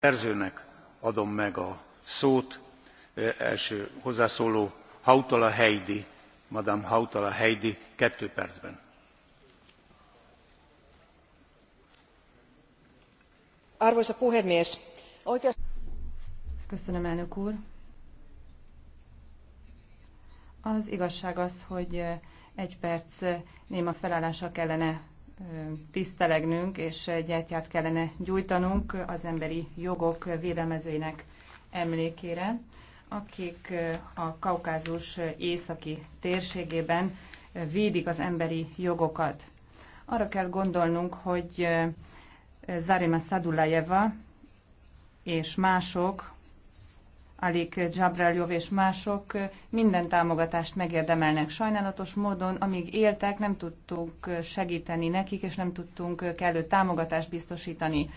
szerzőnek adom meg a szót első hozzászóló hautala heidi madame hautala heidi kettő percben. arvoisa puhemies Köszönöm, elnök úr. Az igazság az, hogy egy perc néma felállással kellene tisztelegnünk, és gyertyát kellene gyújtanunk az emberi jogok védelmezőinek emlékére, akik a Kaukázus északi térségében védik az emberi jogokat. Arra kell gondolnunk, hogy Zarima Szadulajeva és mások, Alik Jabraljov és mások minden támogatást megérdemelnek. Sajnálatos módon, amíg éltek, nem tudtunk segíteni nekik, és nem tudtunk kellő támogatást biztosítani.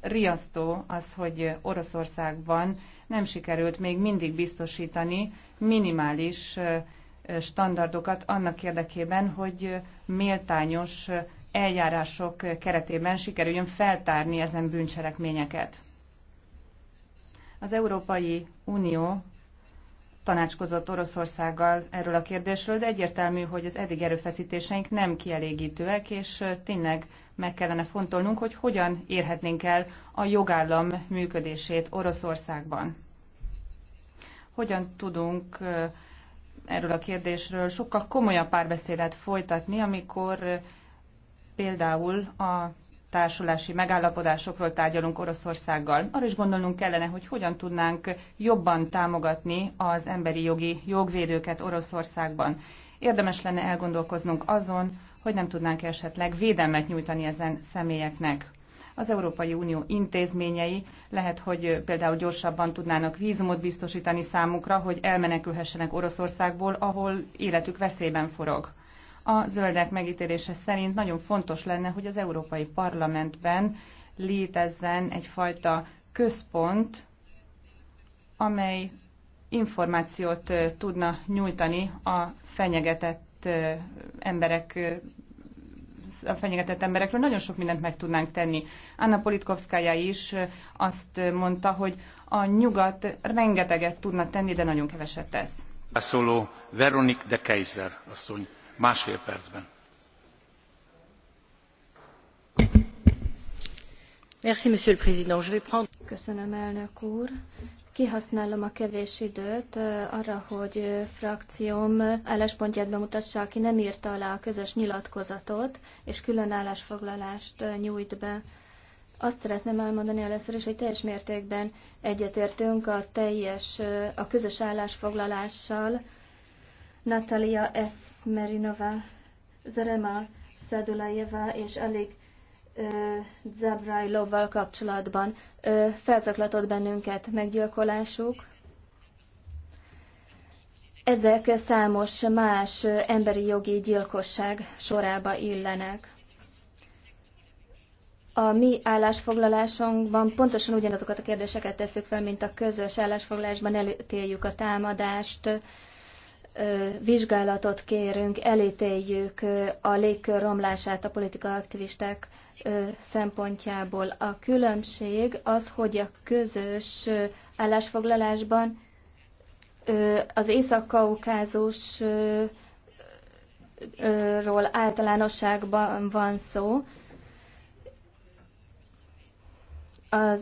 Riasztó az, hogy Oroszországban nem sikerült még mindig biztosítani minimális standardokat annak érdekében, hogy méltányos eljárások keretében sikerüljön feltárni ezen bűncselekményeket. Az Európai Unió tanácskozott Oroszországgal erről a kérdésről, de egyértelmű, hogy az eddig erőfeszítéseink nem kielégítőek, és tényleg meg kellene fontolnunk, hogy hogyan érhetnénk el a jogállam működését Oroszországban. Hogyan tudunk erről a kérdésről sokkal komolyabb párbeszédet folytatni, amikor például a társulási megállapodásokról tárgyalunk Oroszországgal. Arra is gondolnunk kellene, hogy hogyan tudnánk jobban támogatni az emberi jogi jogvédőket Oroszországban. Érdemes lenne elgondolkoznunk azon, hogy nem tudnánk esetleg védelmet nyújtani ezen személyeknek. Az Európai Unió intézményei lehet, hogy például gyorsabban tudnának vízumot biztosítani számukra, hogy elmenekülhessenek Oroszországból, ahol életük veszélyben forog a zöldek megítélése szerint nagyon fontos lenne, hogy az Európai Parlamentben létezzen egyfajta központ, amely információt tudna nyújtani a fenyegetett emberek a fenyegetett emberekről nagyon sok mindent meg tudnánk tenni. Anna Politkovskája is azt mondta, hogy a nyugat rengeteget tudna tenni, de nagyon keveset tesz. Szóló Veronik de Kaiser asszony másfél percben. Köszönöm, elnök úr. Kihasználom a kevés időt eh, arra, hogy eh, frakcióm álláspontját bemutassa, aki nem írta alá a közös nyilatkozatot, és külön állásfoglalást eh, nyújt be. Azt szeretném elmondani először is, hogy teljes mértékben egyetértünk a teljes, a közös állásfoglalással, Natalia Esmerinova, Zerema Szedulajeva és uh, Zabrajlovval kapcsolatban uh, felzaklatott bennünket meggyilkolásuk. Ezek számos más emberi jogi gyilkosság sorába illenek. A mi állásfoglalásunkban pontosan ugyanazokat a kérdéseket tesszük fel, mint a közös állásfoglalásban elítéljük a támadást, vizsgálatot kérünk, elítéljük a légkör romlását a politika aktivisták szempontjából. A különbség az, hogy a közös állásfoglalásban az Észak-Kaukázusról általánosságban van szó. Az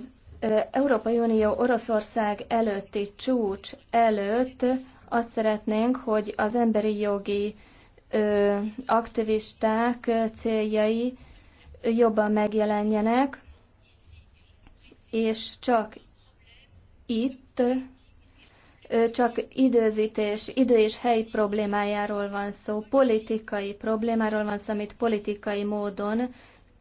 Európai Unió Oroszország előtti csúcs előtt azt szeretnénk, hogy az emberi jogi ö, aktivisták céljai jobban megjelenjenek, és csak itt csak időzítés, idő és hely problémájáról van szó, politikai problémáról van szó, amit politikai módon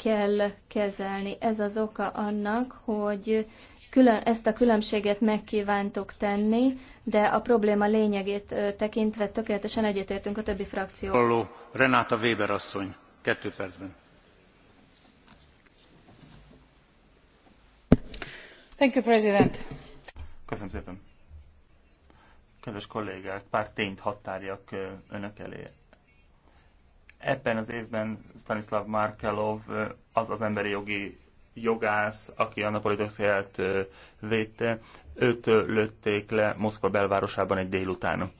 kell kezelni. Ez az oka annak, hogy Külön, ezt a különbséget megkívántok tenni, de a probléma lényegét tekintve tökéletesen egyetértünk a többi frakcióval. Renáta Weber asszony, kettő percben. Thank you, President. Köszönöm szépen. Kedves kollégák, pár tényt határjak önök elé. Ebben az évben Stanislav Markelov az az emberi jogi jogász, aki Anna Politoszkaját védte, őt lőtték le Moszkva belvárosában egy délután.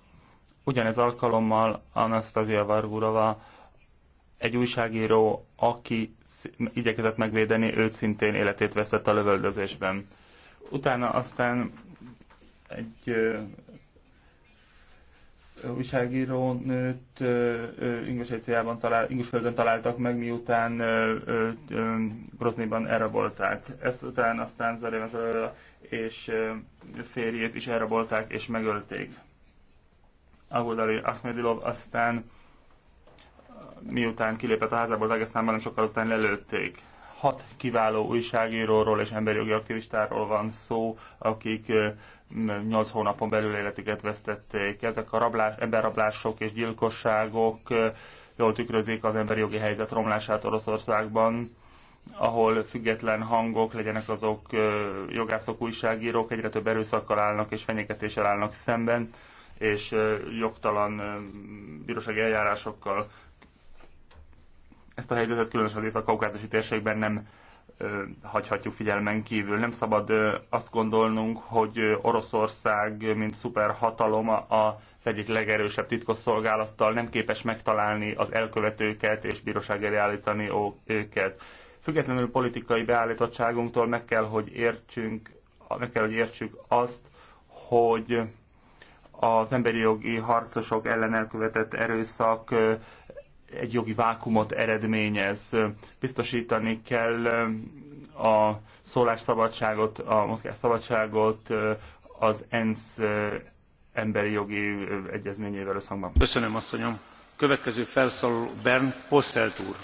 Ugyanez alkalommal Anastasia Vargurova, egy újságíró, aki igyekezett megvédeni, őt szintén életét vesztett a lövöldözésben. Utána aztán egy nőt Ingusföldön talál, találtak meg, miután Groznyban elrabolták. Ezt után aztán Zarevet és férjét is elrabolták és megölték. Agudari Ahmedilov aztán miután kilépett a házából Dagestánban, nem sokkal után lelőtték hat kiváló újságíróról és emberi jogi aktivistáról van szó, akik 8 hónapon belül életüket vesztették. Ezek a rablás, emberrablások és gyilkosságok jól tükrözik az emberi jogi helyzet romlását Oroszországban, ahol független hangok, legyenek azok jogászok, újságírók, egyre több erőszakkal állnak és fenyegetéssel állnak szemben, és jogtalan bírósági eljárásokkal ezt a helyzetet különösen az a kaukázusi térségben nem ö, hagyhatjuk figyelmen kívül. Nem szabad ö, azt gondolnunk, hogy Oroszország, mint szuperhatalom az egyik legerősebb titkosszolgálattal nem képes megtalálni az elkövetőket és bíróság elé állítani őket. Függetlenül politikai beállítottságunktól meg kell, hogy értsünk, meg kell, hogy értsük azt, hogy az emberi jogi harcosok ellen elkövetett erőszak egy jogi vákumot eredményez. Biztosítani kell a szólásszabadságot, a mozgásszabadságot az ENSZ emberi jogi egyezményével összhangban. Köszönöm, asszonyom. Következő felszólaló Bern Posselt úr.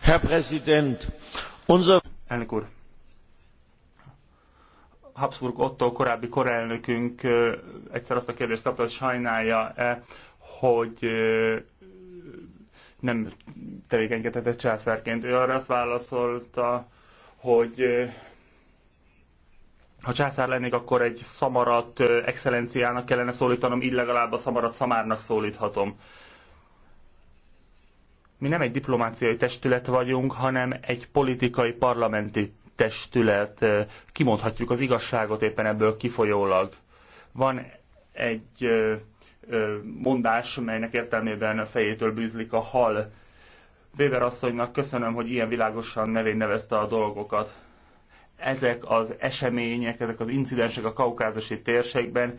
Herr Präsident, unser... Elnök úr. Habsburg Otto korábbi korelnökünk egyszer azt a kérdést kapta, hogy sajnálja-e, hogy nem tevékenykedhetett császárként. Ő arra azt válaszolta, hogy ha császár lennék, akkor egy szamarat excellenciának kellene szólítanom, így legalább a szamarat szamárnak szólíthatom. Mi nem egy diplomáciai testület vagyunk, hanem egy politikai parlamenti testület. Kimondhatjuk az igazságot éppen ebből kifolyólag. Van egy mondás, melynek értelmében a fejétől bűzlik a hal. Weber asszonynak köszönöm, hogy ilyen világosan nevén nevezte a dolgokat. Ezek az események, ezek az incidensek a kaukázusi térségben,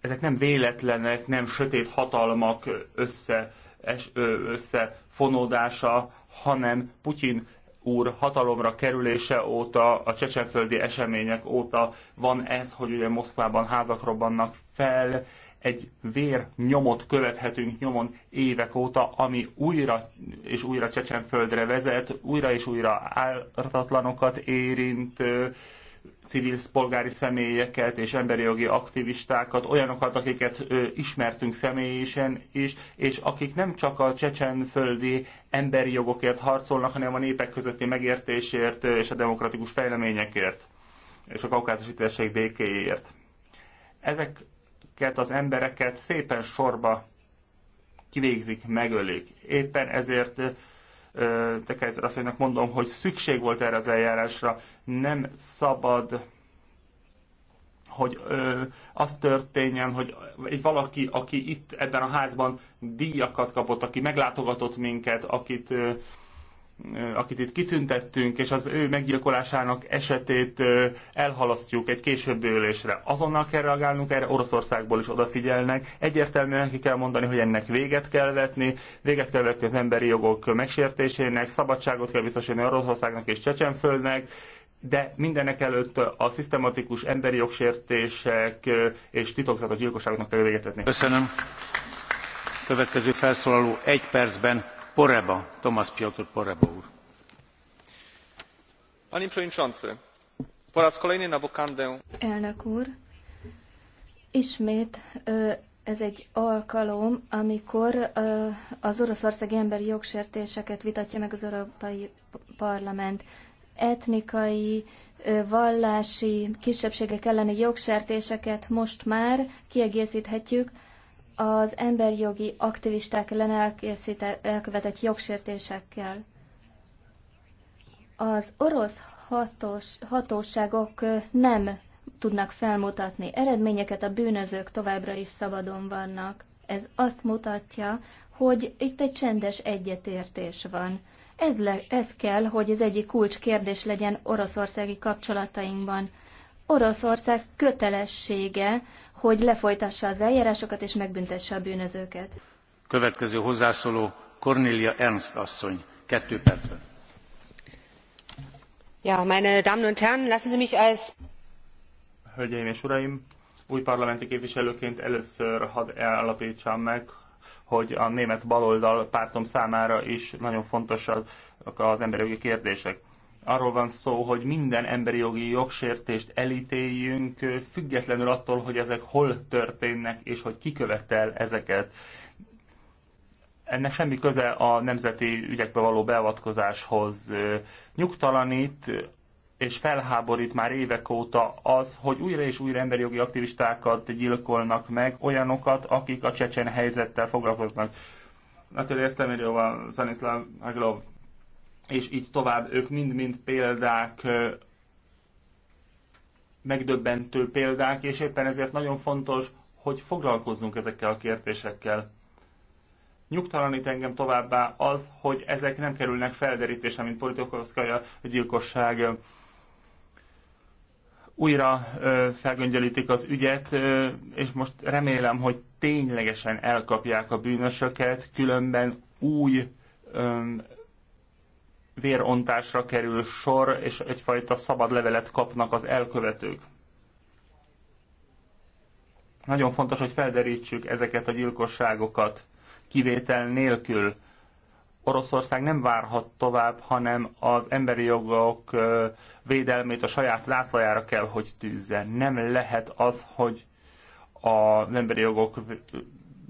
ezek nem véletlenek, nem sötét hatalmak össze, es, összefonódása, hanem Putyin úr hatalomra kerülése óta, a csecsenföldi események óta van ez, hogy ugye Moszkvában házak robbannak fel, egy vér nyomot követhetünk nyomon évek óta, ami újra és újra Csecsenföldre vezet, újra és újra ártatlanokat érint, civil polgári személyeket és emberi jogi aktivistákat, olyanokat, akiket ö, ismertünk személyesen is, és akik nem csak a csecsenföldi emberi jogokért harcolnak, hanem a népek közötti megértésért és a demokratikus fejleményekért, és a kaukázusi térség békéért. Ezeket az embereket szépen sorba kivégzik, megölik. Éppen ezért de Kaiser asszonynak mondom, hogy szükség volt erre az eljárásra. Nem szabad hogy ö, az történjen, hogy egy valaki, aki itt ebben a házban díjakat kapott, aki meglátogatott minket, akit ö, akit itt kitüntettünk, és az ő meggyilkolásának esetét elhalasztjuk egy későbbi ülésre. Azonnal kell reagálnunk erre, Oroszországból is odafigyelnek. Egyértelműen ki kell mondani, hogy ennek véget kell vetni, véget kell vetni az emberi jogok megsértésének, szabadságot kell biztosítani Oroszországnak és Csecsenföldnek, de mindenek előtt a szisztematikus emberi jogsértések és titokzatos gyilkosságoknak kell véget vetni. Köszönöm. Következő felszólaló egy percben Poreba, Tomasz Poreba Panie Przewodniczący, po raz kolejny na wokandę... Elnök úr, ismét ez egy alkalom, amikor az oroszországi emberi jogsértéseket vitatja meg az Európai Parlament. Etnikai, vallási kisebbségek elleni jogsértéseket most már kiegészthetjük az emberjogi aktivisták ellen elkövetett jogsértésekkel. Az orosz hatós, hatóságok nem tudnak felmutatni eredményeket, a bűnözők továbbra is szabadon vannak. Ez azt mutatja, hogy itt egy csendes egyetértés van. Ez, le, ez kell, hogy az egyik kulcs kérdés legyen oroszországi kapcsolatainkban. Oroszország kötelessége, hogy lefolytassa az eljárásokat és megbüntesse a bűnözőket. Következő hozzászóló Cornelia Ernst asszony, kettő percben. Ja, meine Damen und Herren, lassen Sie mich als... Hölgyeim és Uraim, új parlamenti képviselőként először hadd állapítsam meg, hogy a német baloldal pártom számára is nagyon fontosak az emberi jogi kérdések arról van szó, hogy minden emberi jogi jogsértést elítéljünk, függetlenül attól, hogy ezek hol történnek, és hogy ki követel ezeket. Ennek semmi köze a nemzeti ügyekbe való beavatkozáshoz. Nyugtalanít és felháborít már évek óta az, hogy újra és újra emberi jogi aktivistákat gyilkolnak meg, olyanokat, akik a csecsen helyzettel foglalkoznak. Natalia Estemirjova, Stanislav Aglov, és így tovább, ők mind-mind példák, megdöbbentő példák, és éppen ezért nagyon fontos, hogy foglalkozzunk ezekkel a kérdésekkel. Nyugtalanít engem továbbá az, hogy ezek nem kerülnek felderítésre, mint politikoszkaja gyilkosság. Újra felgöngyelítik az ügyet, és most remélem, hogy ténylegesen elkapják a bűnösöket, különben új vérontásra kerül sor, és egyfajta szabad levelet kapnak az elkövetők. Nagyon fontos, hogy felderítsük ezeket a gyilkosságokat kivétel nélkül. Oroszország nem várhat tovább, hanem az emberi jogok védelmét a saját zászlajára kell, hogy tűzze. Nem lehet az, hogy az emberi jogok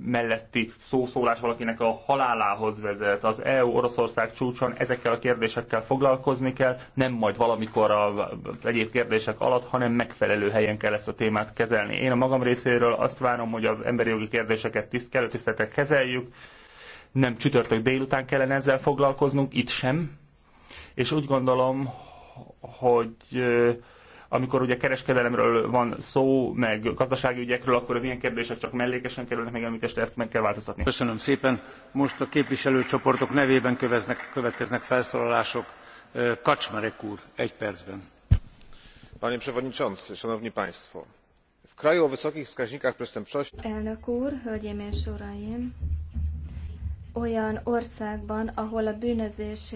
melletti szószólás valakinek a halálához vezet. Az EU-Oroszország csúcson ezekkel a kérdésekkel foglalkozni kell, nem majd valamikor a egyéb kérdések alatt, hanem megfelelő helyen kell ezt a témát kezelni. Én a magam részéről azt várom, hogy az emberi jogi kérdéseket tiszt, tisztelettel kezeljük, nem csütörtök délután kellene ezzel foglalkoznunk, itt sem. És úgy gondolom, hogy amikor ugye kereskedelemről van szó, meg gazdasági ügyekről, akkor az ilyen kérdések csak mellékesen kerülnek meg említésre, ezt meg kell változtatni. Köszönöm szépen. Most a képviselőcsoportok nevében köveznek, következnek felszólalások. Kaczmarek úr, egy percben. Panie Przewodniczący, Szanowni Państwo. W kraju o wysokich wskaźnikach przestępczości... Elnök úr, hölgyeim és uraim! olyan országban, ahol a bűnözés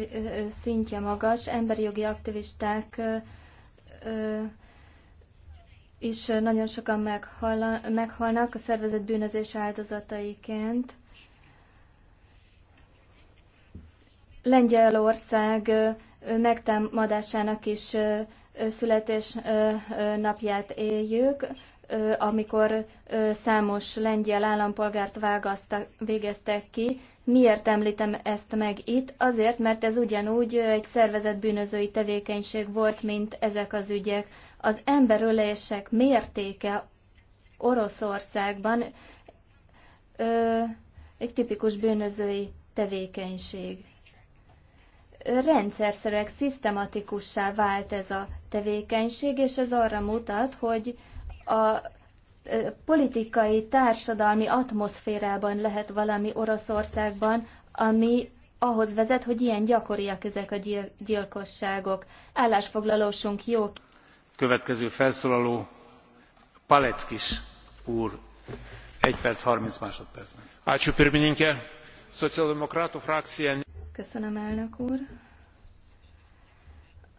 szintje magas, emberi jogi aktivisták és nagyon sokan meghalnak a szervezet bűnözés áldozataiként. Lengyelország megtámadásának is születésnapját éljük, amikor számos lengyel állampolgárt vágaztak, végeztek ki. Miért említem ezt meg itt? Azért, mert ez ugyanúgy egy szervezett bűnözői tevékenység volt, mint ezek az ügyek. Az emberölések mértéke Oroszországban ö, egy tipikus bűnözői tevékenység rendszerszerűen szisztematikussá vált ez a tevékenység, és ez arra mutat, hogy a politikai, társadalmi atmoszférában lehet valami Oroszországban, ami ahhoz vezet, hogy ilyen gyakoriak ezek a gyil- gyilkosságok. Állásfoglalósunk jó. Következő felszólaló Paleckis úr, Egy perc 30 másodpercben. Ácsú Pirmininke, Szociáldemokrátó frakció. Köszönöm, elnök úr.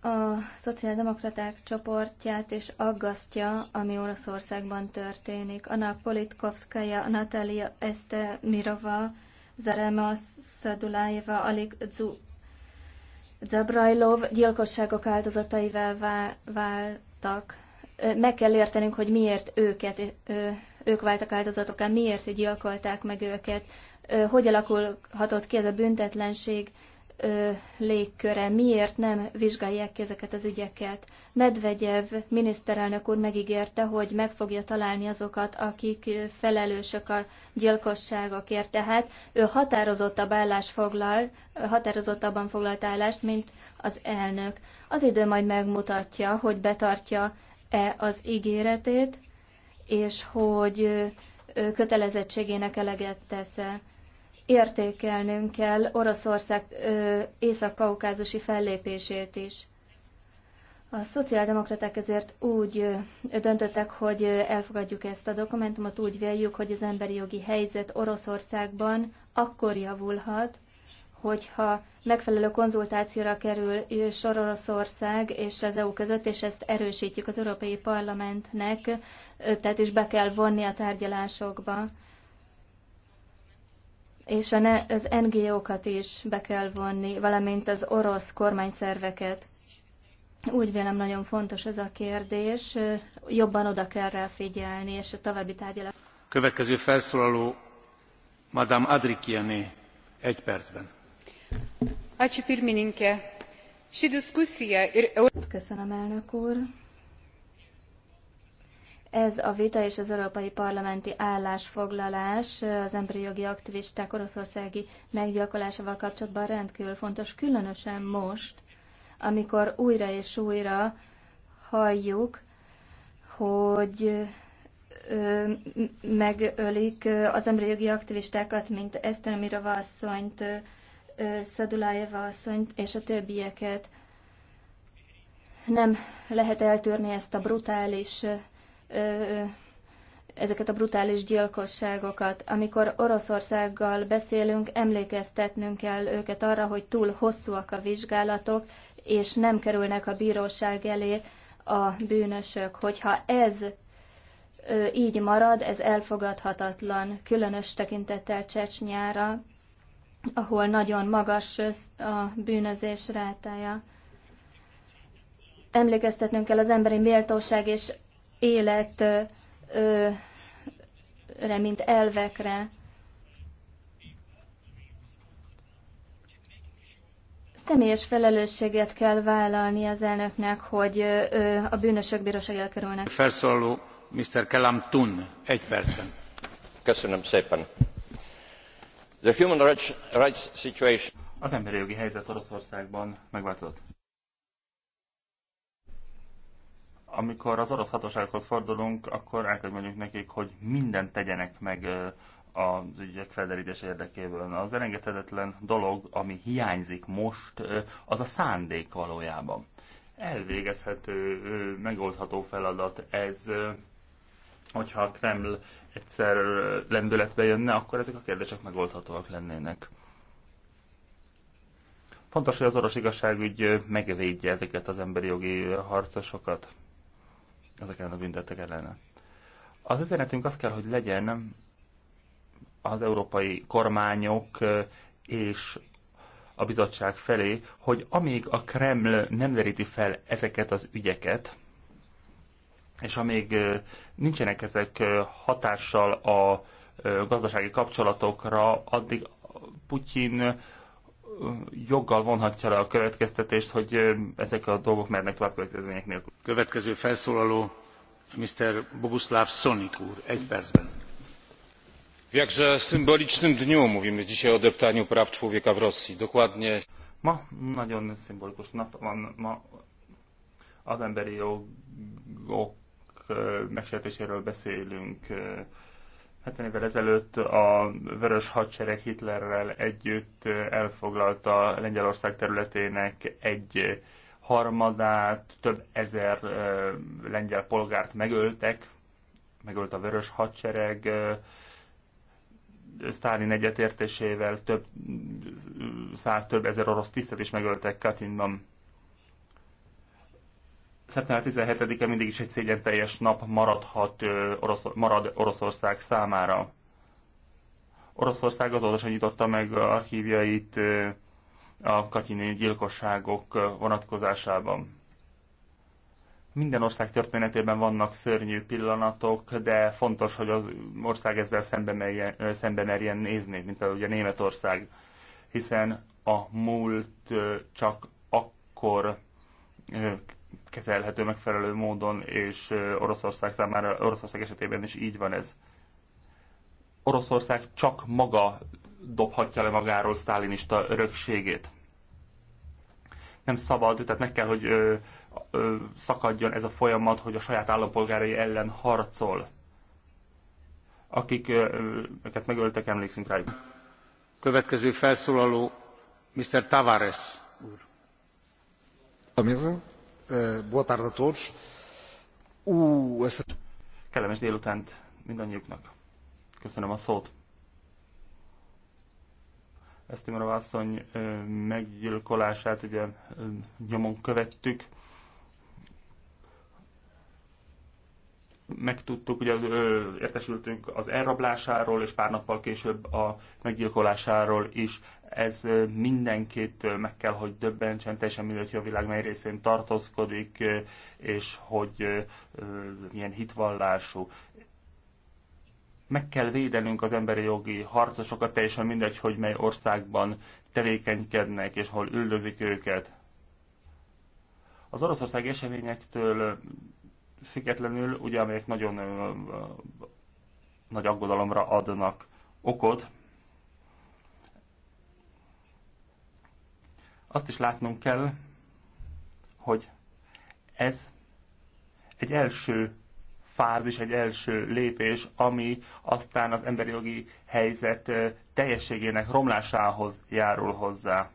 A szociáldemokraták csoportját és aggasztja, ami Oroszországban történik. Anna Politkovskaja, Natalia Este Mirova Zarema Szadulájeva, Alik Zabrajlov gyilkosságok áldozataival váltak. Meg kell értenünk, hogy miért őket, ők váltak áldozatok, miért gyilkolták meg őket hogy alakulhatott ki ez a büntetlenség légköre, miért nem vizsgálják ki ezeket az ügyeket. Medvegyev miniszterelnök úr megígérte, hogy meg fogja találni azokat, akik felelősök a gyilkosságokért. Tehát ő határozottabb állás foglal, határozottabban foglalt állást, mint az elnök. Az idő majd megmutatja, hogy betartja-e az ígéretét, és hogy kötelezettségének eleget tesz-e értékelnünk kell Oroszország észak-kaukázusi fellépését is. A szociáldemokraták ezért úgy döntöttek, hogy elfogadjuk ezt a dokumentumot, úgy véljük, hogy az emberi jogi helyzet Oroszországban akkor javulhat, hogyha megfelelő konzultációra kerül sor Oroszország és az EU között, és ezt erősítjük az Európai Parlamentnek, tehát is be kell vonni a tárgyalásokba és az NGO-kat is be kell vonni, valamint az orosz kormányszerveket. Úgy vélem nagyon fontos ez a kérdés, jobban oda kell rá figyelni, és a további tárgyalás. Következő felszólaló Madame Adrikiani, egy percben. Köszönöm, elnök úr. Ez a vita és az európai parlamenti állásfoglalás az emberi jogi aktivisták oroszországi meggyilkolásával kapcsolatban rendkívül fontos, különösen most, amikor újra és újra halljuk, hogy megölik az emberi jogi aktivistákat, mint Eszter Mirova asszonyt, Szadulájeva asszonyt és a többieket. Nem lehet eltörni ezt a brutális ezeket a brutális gyilkosságokat. Amikor Oroszországgal beszélünk, emlékeztetnünk kell őket arra, hogy túl hosszúak a vizsgálatok, és nem kerülnek a bíróság elé a bűnösök. Hogyha ez így marad, ez elfogadhatatlan, különös tekintettel Csecsnyára, ahol nagyon magas a bűnözés rátája. Emlékeztetnünk kell az emberi méltóság és életre, mint elvekre. Személyes felelősséget kell vállalni az elnöknek, hogy a bűnösök bíróság elkerülnek. Felszólaló Mr. Kelam Tun, egy percben. Köszönöm szépen. The human rights situation az emberi jogi helyzet Oroszországban megváltozott. amikor az orosz hatósághoz fordulunk, akkor el kell mondjuk nekik, hogy mindent tegyenek meg az ügyek felderítés érdekében. Az elengedhetetlen dolog, ami hiányzik most, az a szándék valójában. Elvégezhető, megoldható feladat ez, hogyha a Kreml egyszer lendületbe jönne, akkor ezek a kérdések megoldhatóak lennének. Fontos, hogy az orosz igazságügy megvédje ezeket az emberi jogi harcosokat ezek ellen a büntettek ellene. Az üzenetünk az kell, hogy legyen az európai kormányok és a bizottság felé, hogy amíg a Kreml nem deríti fel ezeket az ügyeket, és amíg nincsenek ezek hatással a gazdasági kapcsolatokra, addig Putyin joggal vonhatja le a következtetést, hogy ezek a dolgok mernek tovább következmények nélkül. Következő felszólaló Mr. Boguslav Sonik úr, egy percben. W jakże symbolicznym dniu mówimy dzisiaj o deptaniu praw człowieka w Rosji. Dokładnie. Ma nagyon szimbolikus nap van ma az emberi jogok megsértéséről beszélünk. 70 évvel ezelőtt a Vörös Hadsereg Hitlerrel együtt elfoglalta Lengyelország területének egy harmadát, több ezer lengyel polgárt megöltek, megölt a Vörös Hadsereg, Sztálin egyetértésével több száz, több ezer orosz tisztet is megöltek Katinban szeptember 17-e mindig is egy szégyen teljes nap maradhat, orosz, marad Oroszország számára. Oroszország azóta nyitotta meg archívjait a katyini gyilkosságok vonatkozásában. Minden ország történetében vannak szörnyű pillanatok, de fontos, hogy az ország ezzel szembe, merjen, szembe merjen nézni, mint például ugye Németország, hiszen a múlt csak akkor kezelhető megfelelő módon, és Oroszország számára, Oroszország esetében is így van ez. Oroszország csak maga dobhatja le magáról sztálinista örökségét. Nem szabad, tehát meg kell, hogy ö, ö, szakadjon ez a folyamat, hogy a saját állampolgárai ellen harcol. Akik, ö, őket megöltek, emlékszünk rájuk. Következő felszólaló Mr. Tavares úr. Kellemes délutánt mindannyiuknak. Köszönöm a szót. Esztimera asszony meggyilkolását ugye nyomon követtük. megtudtuk, ugye ö, értesültünk az elrablásáról, és pár nappal később a meggyilkolásáról is. Ez mindenkit meg kell, hogy döbbentsen, teljesen mindegy, hogy a világ mely részén tartózkodik, és hogy ö, milyen hitvallású. Meg kell védenünk az emberi jogi harcosokat, teljesen mindegy, hogy mely országban tevékenykednek, és hol üldözik őket. Az oroszország eseményektől függetlenül, ugye amelyek nagyon ö, ö, nagy aggodalomra adnak okot, azt is látnunk kell, hogy ez egy első fázis, egy első lépés, ami aztán az emberi jogi helyzet teljességének romlásához járul hozzá.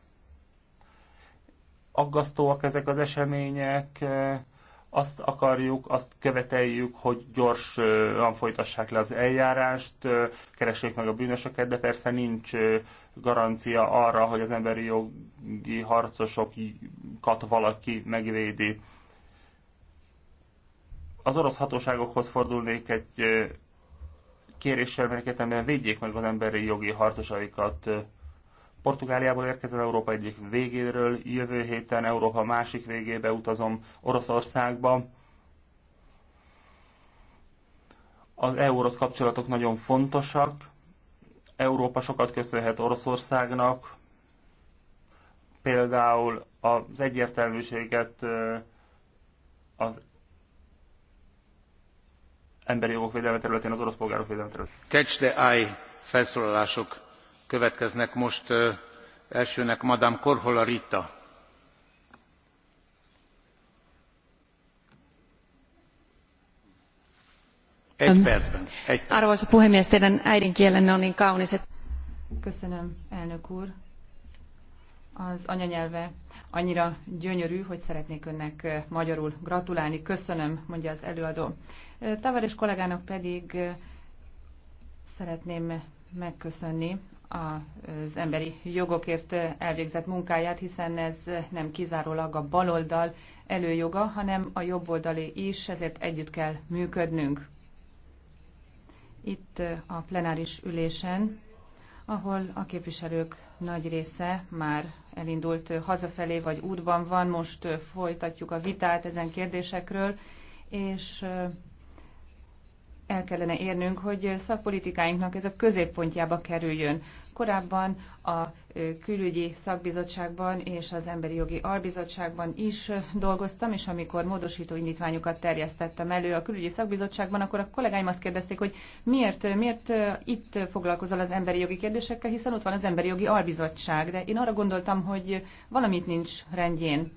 Aggasztóak ezek az események, azt akarjuk, azt követeljük, hogy gyorsan folytassák le az eljárást, keressék meg a bűnösöket, de persze nincs garancia arra, hogy az emberi jogi harcosokat valaki megvédi. Az orosz hatóságokhoz fordulnék egy kéréssel, mert védjék meg az emberi jogi harcosaikat. Portugáliából érkezem Európa egyik végéről, jövő héten Európa másik végébe utazom Oroszországba. Az EU-orosz kapcsolatok nagyon fontosak. Európa sokat köszönhet Oroszországnak, például az egyértelműséget az emberi jogok védelme területén, az orosz polgárok védelme területén. Catch the eye felszólalások következnek most elsőnek madame korhola rita. Egy percben. Egy perc. Arvoisa puhemies, teidän äidinkielenne on niin kaunis, että... Köszönöm, elnök úr. Az anyanyelve annyira gyönyörű, hogy szeretnék önnek magyarul gratulálni. Köszönöm, mondja az előadó. Tavares kollégának pedig szeretném megköszönni az emberi jogokért elvégzett munkáját, hiszen ez nem kizárólag a baloldal előjoga, hanem a jobboldali is, ezért együtt kell működnünk. Itt a plenáris ülésen, ahol a képviselők nagy része már elindult hazafelé vagy útban van, most folytatjuk a vitát ezen kérdésekről, és el kellene érnünk, hogy szakpolitikáinknak ez a középpontjába kerüljön. Korábban a külügyi szakbizottságban és az emberi jogi albizottságban is dolgoztam, és amikor módosító indítványokat terjesztettem elő a külügyi szakbizottságban, akkor a kollégáim azt kérdezték, hogy miért, miért itt foglalkozol az emberi jogi kérdésekkel, hiszen ott van az emberi jogi albizottság. De én arra gondoltam, hogy valamit nincs rendjén,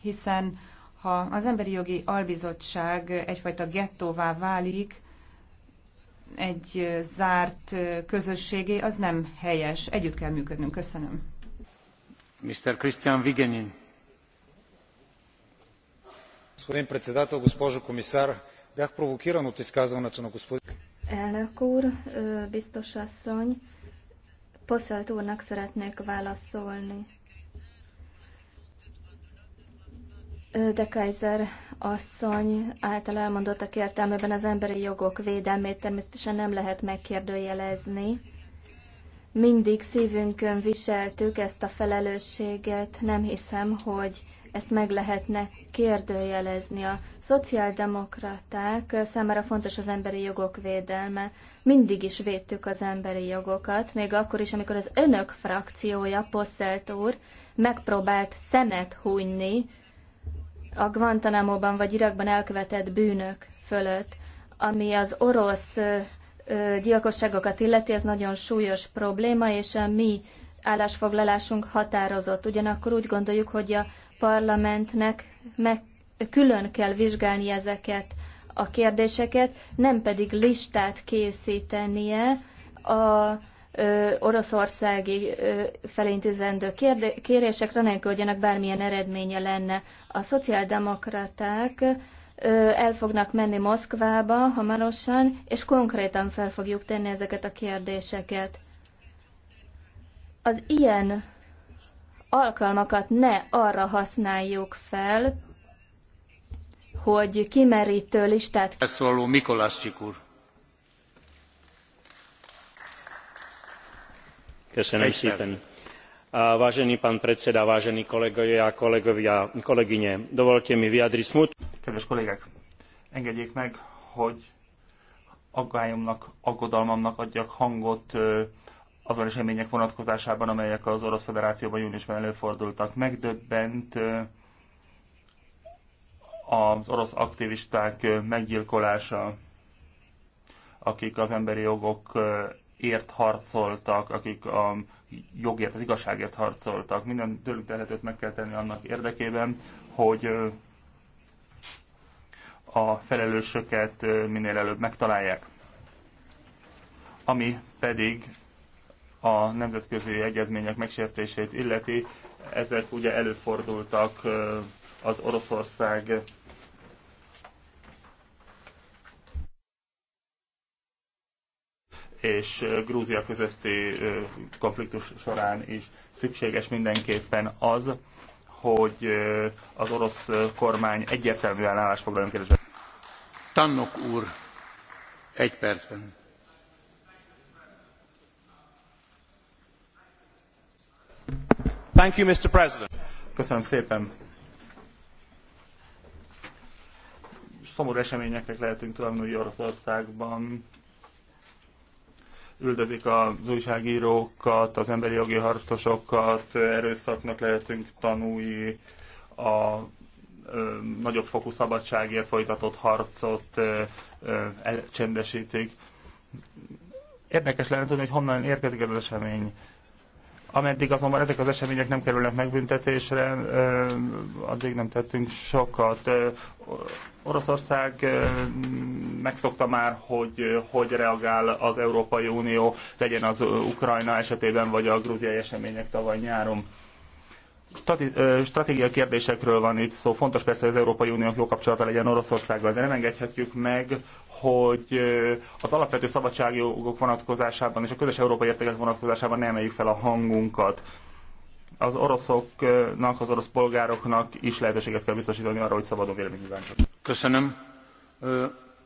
hiszen ha az Emberi Jogi Albizottság egyfajta gettóvá válik, egy zárt közösségé, az nem helyes. Együtt kell működnünk. Köszönöm. Mr. Christian Vigenin. Господин председател, госпожо комисар, бях провокиран от изказването на господин... Елекур, úr, biztos asszony, Poszelt úrnak szeretnék válaszolni. de Kaiser asszony által elmondottak értelmében az emberi jogok védelmét természetesen nem lehet megkérdőjelezni. Mindig szívünkön viseltük ezt a felelősséget, nem hiszem, hogy ezt meg lehetne kérdőjelezni. A szociáldemokraták számára fontos az emberi jogok védelme. Mindig is védtük az emberi jogokat, még akkor is, amikor az önök frakciója, Posselt úr, megpróbált szemet hunyni a Guantanamo-ban vagy Irakban elkövetett bűnök fölött, ami az orosz gyilkosságokat illeti, ez nagyon súlyos probléma, és a mi állásfoglalásunk határozott. Ugyanakkor úgy gondoljuk, hogy a parlamentnek meg, külön kell vizsgálni ezeket a kérdéseket, nem pedig listát készítenie a oroszországi felintézendő kérések, nélkül, hogy ennek bármilyen eredménye lenne. A szociáldemokraták el fognak menni Moszkvába hamarosan, és konkrétan fel fogjuk tenni ezeket a kérdéseket. Az ilyen alkalmakat ne arra használjuk fel, hogy kimerítő listát... szóló Mikolás Csikur. vážený pán predseda vážení kolegovia a kolegyne dovoľte mi vyjadriť smútok. kedves kollégák engedjék meg hogy aggályomnak aggodalmamnak adjak hangot azon események vonatkozásában amelyek az orosz federációban júniusban előfordultak. megdöbbent az orosz aktivisták meggyilkolása akik az emberi jogok ért harcoltak, akik a jogért, az igazságért harcoltak. Minden tőlük tehetőt meg kell tenni annak érdekében, hogy a felelősöket minél előbb megtalálják. Ami pedig a nemzetközi egyezmények megsértését illeti, ezek ugye előfordultak az Oroszország és Grúzia közötti konfliktus során is szükséges mindenképpen az, hogy az orosz kormány egyértelműen állás foglaljon kérdésben. Tannok úr, egy percben. Thank you, Mr. President. Köszönöm szépen. Szomorú eseményeknek lehetünk tanulni Oroszországban üldözik az újságírókat, az emberi jogi harcosokat, erőszaknak lehetünk tanúi, a ö, nagyobb fokú szabadságért folytatott harcot ö, ö, elcsendesítik. Érdekes lenne tudni, hogy honnan érkezik az esemény. Ameddig azonban ezek az események nem kerülnek megbüntetésre, addig nem tettünk sokat. Oroszország megszokta már, hogy hogy reagál az Európai Unió, legyen az Ukrajna esetében, vagy a grúziai események tavaly nyáron. Stratégiai kérdésekről van itt szó. Fontos persze, hogy az Európai Uniónak jó kapcsolata legyen Oroszországgal, de nem engedhetjük meg, hogy az alapvető szabadságjogok vonatkozásában és a közös európai értékek vonatkozásában nem emeljük fel a hangunkat az oroszoknak, az orosz polgároknak is lehetőséget kell biztosítani arra, hogy szabadon véleményt Köszönöm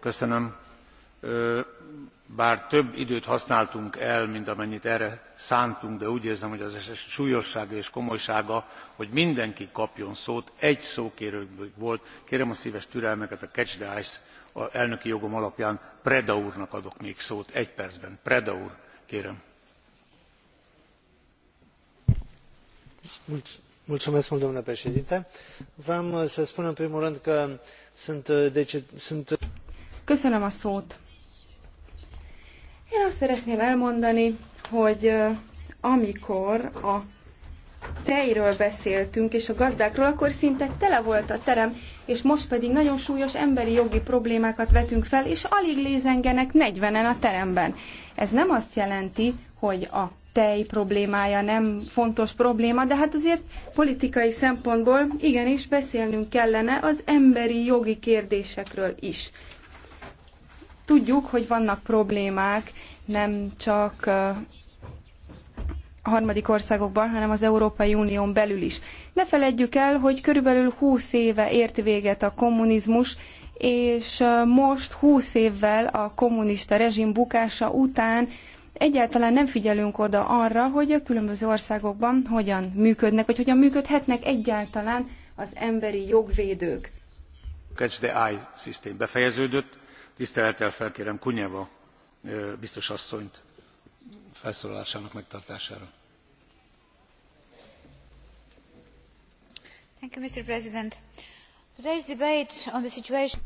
Köszönöm. Bár több időt használtunk el, mint amennyit erre szántunk, de úgy érzem, hogy az eset súlyossága és komolysága, hogy mindenki kapjon szót, egy szókérőkből volt. Kérem a szíves türelmüket a Catch the eye elnöki jogom alapján Preda úrnak adok még szót egy percben. Preda úr, kérem. vreau să spun în primul rând că sunt Köszönöm a szót. Én azt szeretném elmondani, hogy amikor a tejről beszéltünk, és a gazdákról, akkor szinte tele volt a terem, és most pedig nagyon súlyos emberi jogi problémákat vetünk fel, és alig lézengenek 40-en a teremben. Ez nem azt jelenti, hogy a tej problémája nem fontos probléma, de hát azért politikai szempontból igenis beszélnünk kellene az emberi jogi kérdésekről is. Tudjuk, hogy vannak problémák, nem csak a harmadik országokban, hanem az Európai Unión belül is. Ne feledjük el, hogy körülbelül 20 éve ért véget a kommunizmus, és most 20 évvel a kommunista rezsim bukása után egyáltalán nem figyelünk oda arra, hogy a különböző országokban hogyan működnek, vagy hogyan működhetnek egyáltalán az emberi jogvédők. Catch the eye szisztém befejeződött tisztelettel felkérem kuneva biztos asszonyt felszólalásának megtartására. You, mr president today's debate on the situation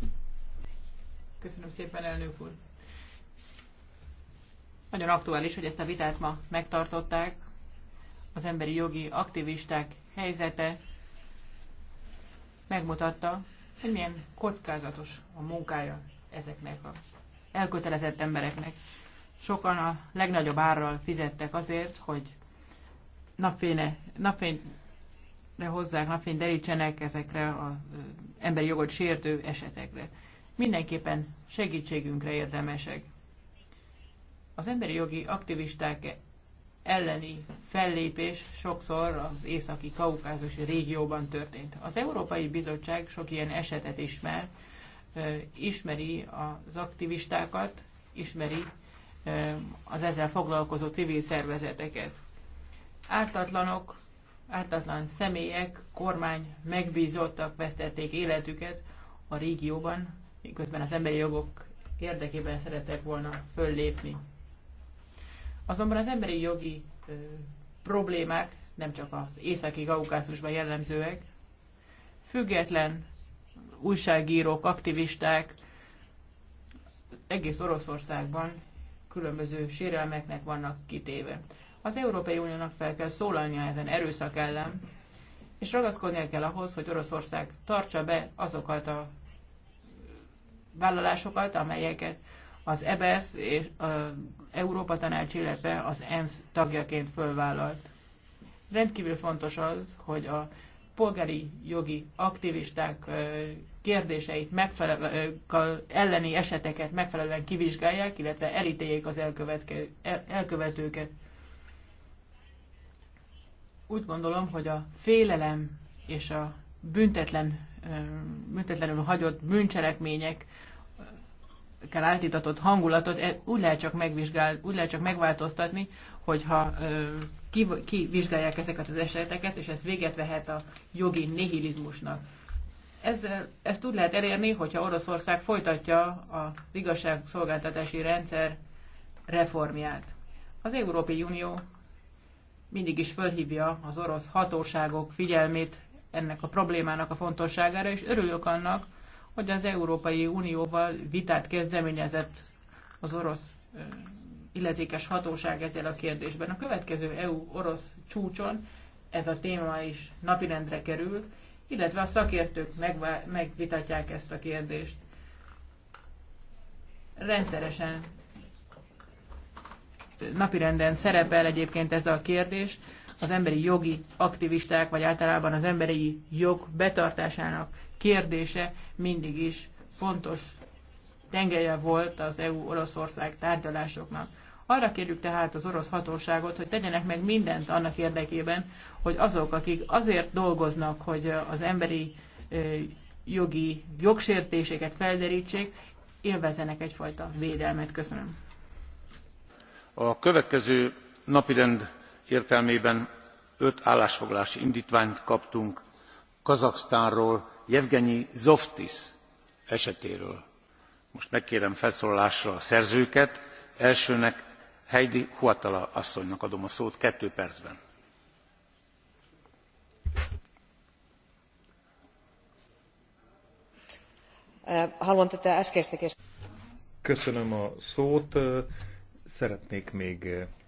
Köszönöm szépen, elnök úr. Nagyon aktuális, hogy ezt a vitát ma megtartották. Az emberi jogi aktivisták helyzete megmutatta, hogy milyen kockázatos a munkája ezeknek a elkötelezett embereknek. Sokan a legnagyobb árral fizettek azért, hogy napfényre, napfényre hozzák, napfény derítsenek ezekre az emberi jogot sértő esetekre. Mindenképpen segítségünkre érdemesek. Az emberi jogi aktivisták elleni fellépés sokszor az északi kaukázusi régióban történt. Az Európai Bizottság sok ilyen esetet ismer, ismeri az aktivistákat, ismeri az ezzel foglalkozó civil szervezeteket. Ártatlanok, ártatlan személyek, kormány megbízottak vesztették életüket a régióban, miközben az emberi jogok érdekében szerettek volna föllépni. Azonban az emberi jogi ö, problémák nem csak az északi kaukázusban jellemzőek, független újságírók, aktivisták egész Oroszországban különböző sérelmeknek vannak kitéve. Az Európai Uniónak fel kell szólalnia ezen erőszak ellen, és ragaszkodnia kell ahhoz, hogy Oroszország tartsa be azokat a vállalásokat, amelyeket az EBS e és az Európa Tanács, illetve az ENSZ tagjaként fölvállalt. Rendkívül fontos az, hogy a polgári jogi aktivisták kérdéseit elleni eseteket megfelelően kivizsgálják, illetve elítéljék az elkövetőket. Úgy gondolom, hogy a félelem és a büntetlen, büntetlenül hagyott bűncselekmények kell áltítatott hangulatot e, úgy lehet csak, megvizsgál, úgy lehet csak megváltoztatni, hogyha kivizsgálják ezeket az eseteket, és ez véget vehet a jogi nihilizmusnak. Ezzel, ezt tud lehet elérni, hogyha Oroszország folytatja az igazságszolgáltatási rendszer reformját. Az Európai Unió mindig is fölhívja az orosz hatóságok figyelmét ennek a problémának a fontosságára, és örülök annak, hogy az Európai Unióval vitát kezdeményezett az orosz illetékes hatóság ezzel a kérdésben. A következő EU-orosz csúcson ez a téma is napirendre kerül, illetve a szakértők megvá- megvitatják ezt a kérdést. Rendszeresen napirenden szerepel egyébként ez a kérdés. Az emberi jogi aktivisták, vagy általában az emberi jog betartásának kérdése mindig is fontos tengelye volt az EU-Oroszország tárgyalásoknak. Arra kérjük tehát az orosz hatóságot, hogy tegyenek meg mindent annak érdekében, hogy azok, akik azért dolgoznak, hogy az emberi jogi jogsértéseket felderítsék, élvezenek egyfajta védelmet. Köszönöm. A következő napirend értelmében öt állásfoglalási indítványt kaptunk kazaksztánról jevgenyi Zoftis esetéről. most megkérem felszólalásra a szerzőket elsőnek Heidi Huatala asszonynak adom a szót kettő percben. Uh, Köszönöm a szót. Uh, szeretnék még uh,